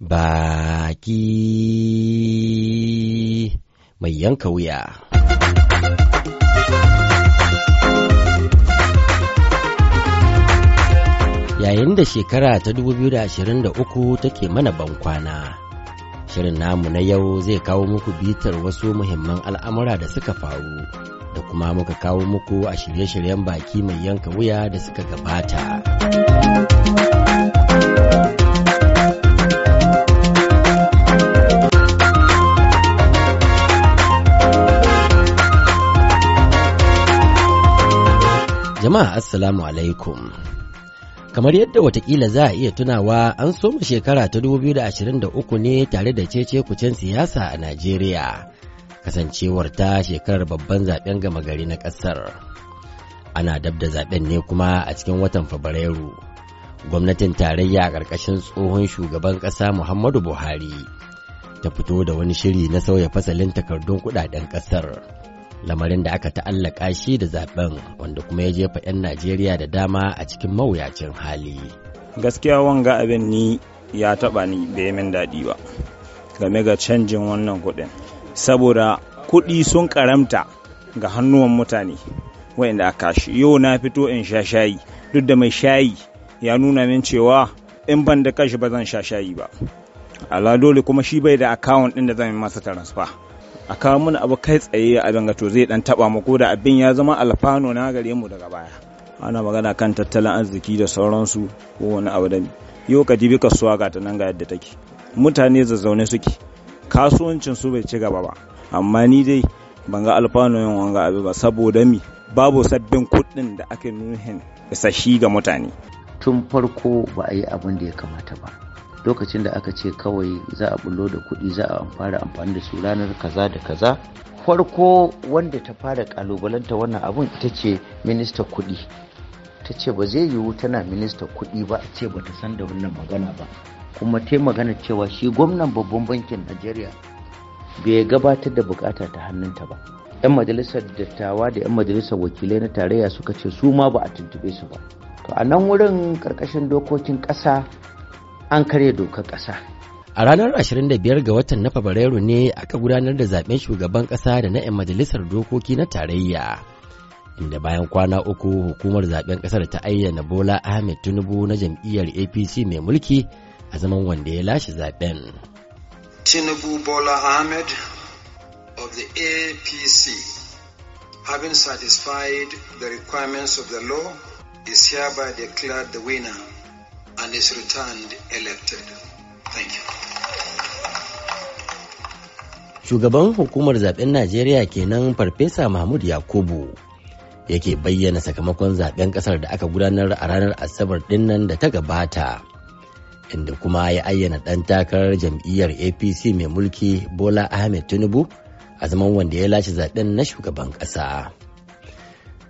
baki mai yanka wuya. Yayin da shekara ta 2023 take mana bankwana, shirin namu na yau zai kawo muku bitar wasu muhimman al'amura da suka faru, da kuma muka kawo muku a shirye-shiryen baki mai yanka wuya da suka gabata. Jama'a Assalamu alaikum. Kamar yadda watakila za a iya tunawa an soma shekara ta 2023 ne tare da cece kucen siyasa a Najeriya, kasancewar ta shekarar babban zaben gama gari na ƙasar. Ana dab da zaben ne kuma a cikin watan Fabrairu. Gwamnatin tarayya a ƙarƙashin tsohon shugaban ƙasa Muhammadu Buhari ta fito da wani shiri na sauya fasalin takardun kuɗaɗen ƙasar. lamarin da aka ta'allaka shi da zaben wanda kuma ya jefa 'yan najeriya da dama a cikin mawuyacin hali gaskiya wanga abin ni ya taba ni bai min daɗi ba game ga canjin wannan kuɗin saboda kuɗi sun karamta ga hannuwan mutane wa'inda aka shi yau na fito in sha shayi duk da mai shayi ya nuna min cewa in ban da kashi ba zan sha shayi ba ala dole kuma shi bai da akawun ɗin da zan yi masa transfer a kawo mana abu kai tsaye a danga to zai dan taba mu ko da abin ya zama alfano na gare mu daga baya ana magana kan tattalin arziki da sauransu ko wani abu da yau ka jibi kasuwa ga ta nan ga yadda take mutane zazzaune suke kasuwancin su bai ci gaba ba amma ni dai ban ga alfano yin wanga abu ba saboda mi babu sabbin kuɗin da aka nuhin isashi ga mutane tun farko ba a yi abin da ya kamata ba lokacin da aka ce kawai za a bullo da kuɗi za a fara amfani da su ranar kaza da kaza farko wanda ta fara kalubalanta wannan abun ita ce minista kuɗi ta ce ba zai yiwu tana minista kuɗi ba a ce ba ta san da wannan magana ba kuma ta yi magana cewa shi gwamnan babban bankin najeriya bai gabatar da bukata ta hannunta ba yan majalisar dattawa da yan majalisar wakilai na tarayya suka ce su ma ba a tuntube su ba to a nan wurin karkashin dokokin ƙasa an karya dokar ƙasa. A ranar 25 ga watan na Fabrairu ne aka gudanar da zaben shugaban ƙasa da na 'yan majalisar dokoki na tarayya. Inda bayan kwana uku hukumar zaben ƙasar ta ayyana Bola Ahmed Tinubu na jam'iyyar APC mai mulki a zaman wanda ya lashe zaben. Tinubu Bola Ahmed of the APC having satisfied the requirements of the law is hereby declared the winner. and is returned elected. Thank you. Shugaban hukumar zaben Najeriya kenan Farfesa Mahmud Yakubu yake bayyana sakamakon zaben kasar da aka gudanar a ranar Asabar dinnan da ta gabata. Inda kuma ya ayyana ɗan takarar jam'iyyar APC mai mulki Bola Ahmed Tinubu a zaman wanda ya lashe zaɓen na shugaban ƙasa.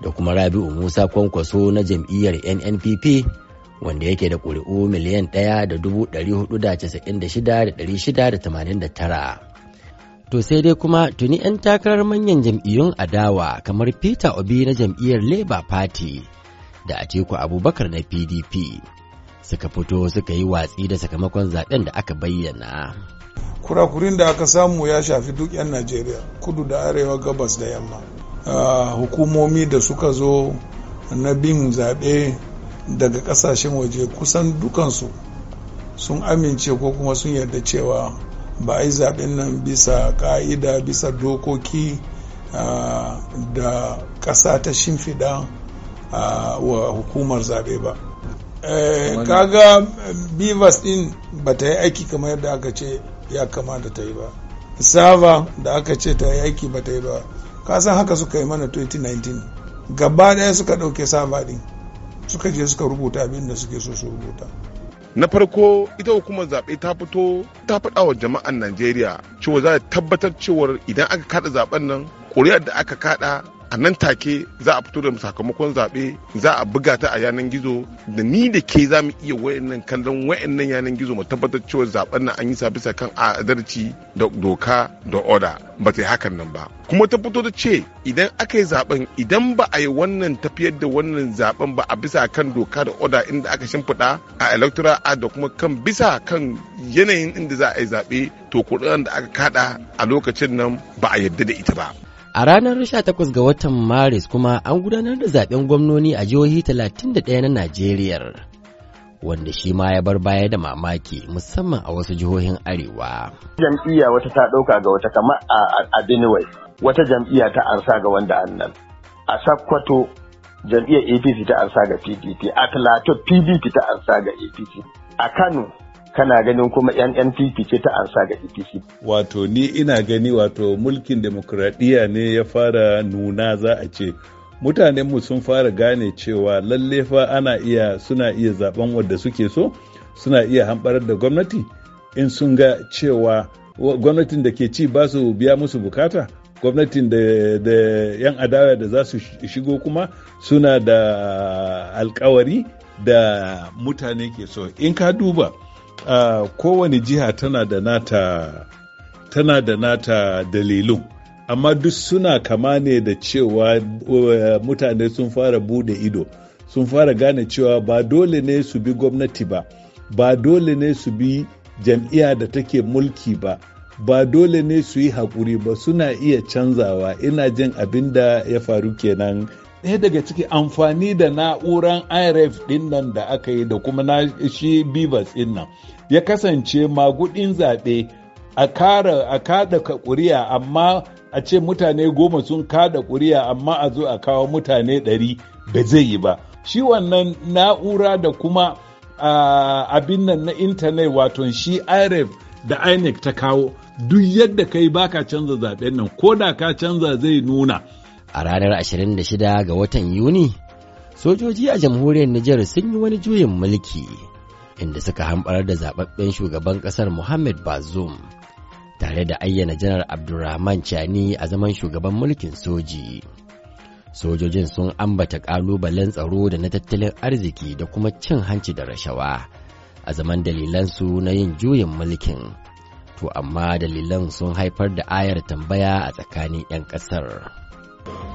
da kuma rabi'u musa kwankwaso na jam'iyyar nnpp wanda yake da ƙuri'u miliyan ɗaya da 1,496,689 to sai dai kuma tuni 'yan takarar manyan jam'iyyun adawa kamar peter obi na jam'iyyar labour party da atiku abubakar na pdp suka fito suka yi watsi da sakamakon zaɓen da aka bayyana kurakurin da aka samu ya shafi duk 'yan najeriya kudu da arewa gabas da yamma hukumomi da suka zo na bin zaɓe daga ƙasashen waje kusan dukansu sun amince ko kuma sun yarda cewa ba a yi zaɓen nan bisa ƙa'ida bisa dokoki da ƙasa ta shimfiɗa wa hukumar zaɓe ba e, kaga bivas din ba ta yi aiki kamar yadda aka ce ya kamata ta yi ba sava da aka ce ta yi aiki ba ta yi ba kasan haka suka yi mana 2019 gaba ɗaya suka ɗauke sama suka je suka rubuta abin da suke so su rubuta na farko ita hukumar zaɓe ta fito ta faɗa wa jama'an najeriya cewa za ta tabbatar cewar idan aka kaɗa zaɓen nan ƙuri'ar da aka kaɗa. a nan take za a fito da sakamakon zaɓe za a buga ta a yanan gizo da ni da ke za mu iya wayannan kallon wayannan yanan gizo mu tabbatar cewa zaben nan an yi sa bisa kan adalci da doka da oda ba ta yi hakan nan ba kuma ta fito da ce idan aka yi zaben idan ba a yi wannan tafiyar da wannan zaben ba a bisa kan doka da oda inda aka shimfiɗa a electoral da kuma kan bisa kan yanayin inda za a yi zaɓe to kuɗin da aka kaɗa a lokacin nan ba a yarda da ita ba A ranar 18 ga watan Maris kuma an gudanar da zaben gwamnoni a jihohi 31 na Najeriya, wanda shi ma ya bar baya da mamaki musamman a wasu jihohin Arewa. Jam'iyya wata ta ɗauka ga wata kama a Benue, wata jam'iyya ta arsa ga wanda annan. A Sakkwato jam'iyyar APC ta arsa ga PDP, a Talato PDP ta arsa ga APC, a Kano kana ganin kuma yan npp ce ta ansa ga EPC. wato ni ina gani wato mulkin demokuraɗiyya ne ya fara nuna za a ce mutanenmu sun fara gane cewa lalle fa ana iya suna iya zaben wadda suke so suna iya hamɓarar da gwamnati in sun ga cewa gwamnatin da ke ci ba su biya musu bukata gwamnatin da, da yan adawa da za su shigo kuma suna da alkawari da mutane ke so in ka duba uh, kowane jiha tana da nata tana da nata dalilun amma duk suna kama ne da cewa e, mutane sun fara bude ido sun fara gane cewa ba dole ne su bi gwamnati ba ba dole ne su bi jam'iyya da take mulki ba ba dole ne su yi haƙuri ba suna iya canzawa ina jin abin da ya faru kenan ɗaya daga ciki amfani da na'uran irf ɗin nan da aka yi da kuma na shi bivas ɗin nan ya kasance magudin zaɓe a kara a kada ƙuri'a amma a ce mutane goma sun kada ƙuri'a amma a zo a kawo mutane ɗari ba zai yi ba shi wannan na'ura da kuma abin nan na intanet wato shi irf da inec ta kawo duk yadda kai baka canza zaɓen nan ko da ka canza zai nuna A ranar 26 ga watan Yuni, sojoji a jamhuriyar Nijar sun yi wani juyin mulki inda suka hambarar da zaɓaɓɓen shugaban ƙasar Muhammad Bazoum tare da ayyana janar Abdulrahman Chani a zaman shugaban mulkin soji. Sojojin sun ambata ƙalubalen tsaro da na tattalin arziki da kuma cin hanci da rashawa a zaman dalilansu na yin juyin mulkin. To amma dalilan sun haifar da ayar tambaya a tsakanin 'yan ƙasar.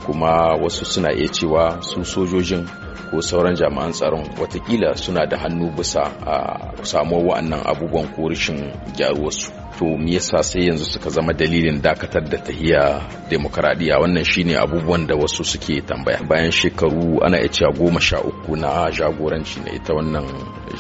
kuma wasu suna iya cewa su sojojin ko sauran jami'an tsaron watakila suna da hannu bisa a samuwa wa'annan abubuwan ko rashin gyaruwarsu. to me yasa sai yanzu suka zama dalilin dakatar da tahiya demokradiya wannan shine abubuwan da wasu suke tambaya bayan shekaru ana iya cewa goma sha uku na jagoranci na ita wannan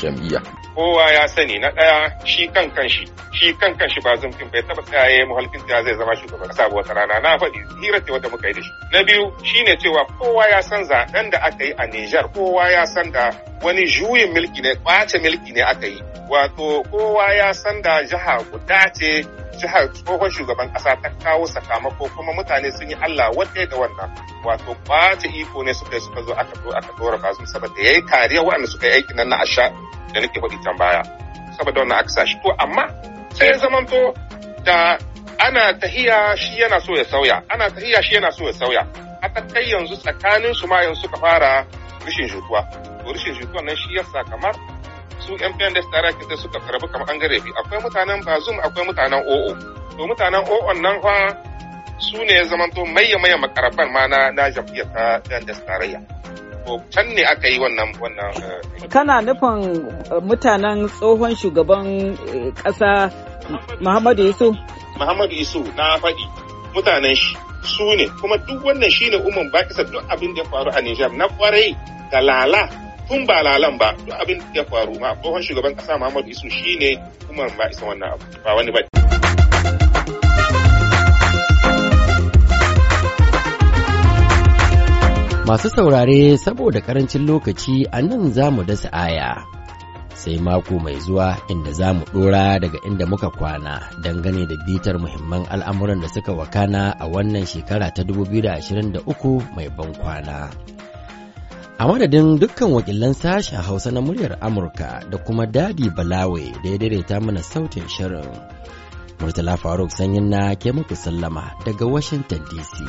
jam'iyya kowa ya sani na ɗaya shi kan kanshi shi kan kanshi ba zumfin bai taba tsaye muhalkin da zai zama shugaban kasa wata rana na faɗi hira ce wata muka yi da shi na biyu shine cewa kowa ya san zaɓen da aka yi a Nijar kowa ya san da wani juyin milki ne kwace milki ne aka yi wato kowa ya san da jiha guda ce jihar tsohon shugaban kasa ta kawo sakamako kuma mutane sun yi Allah wadda ga wannan wato kwace iko ne suka suka zo aka zo aka dora sun saboda yayi kariya waɗanda suka yi aikin nan na asha da nake faɗi can baya saboda wannan aka sashi to amma sai zamanto da ana tahiya shi yana so ya sauya ana tahiya shi yana so ya sauya a kai yanzu tsakanin su ma yanzu suka fara rashin jituwa to rashin jituwa nan shi yasa kamar su yan pendes tare da suka karbi kamar an gare akwai mutanen bazum akwai mutanen oo to mutanen oo nan fa su ne zamanto maye maye makarabar ma na na jafiya ta pendes ya to can ne aka yi wannan wannan eh, kana nufin eh, mutanen tsohon shugaban kasa eh, Muhammadu Isu Muhammadu Isu na faɗi mutanen shi su ne kuma duk wannan shine umman ba kisa duk abin da ya faru a Nijar na kwarai da lala tun ba lalan ba duk abin da ya faru ma tsohon shugaban kasa Muhammadu Isu shine Umar ba isa wannan abu ba wani ba Masu saurare saboda karancin lokaci a nan za mu dasa aya. Sai mako mai zuwa inda za mu ɗora daga inda muka kwana dangane da bitar muhimman al'amuran da suka wakana a wannan shekara ta 2023 mai ban kwana. A madadin dukkan wakilan sashen Hausa na muryar Amurka da kuma Dadi Balawe da ya daidaita mana sautin shirin. Murtala Faruk sanyin na ke muku sallama daga Washington DC.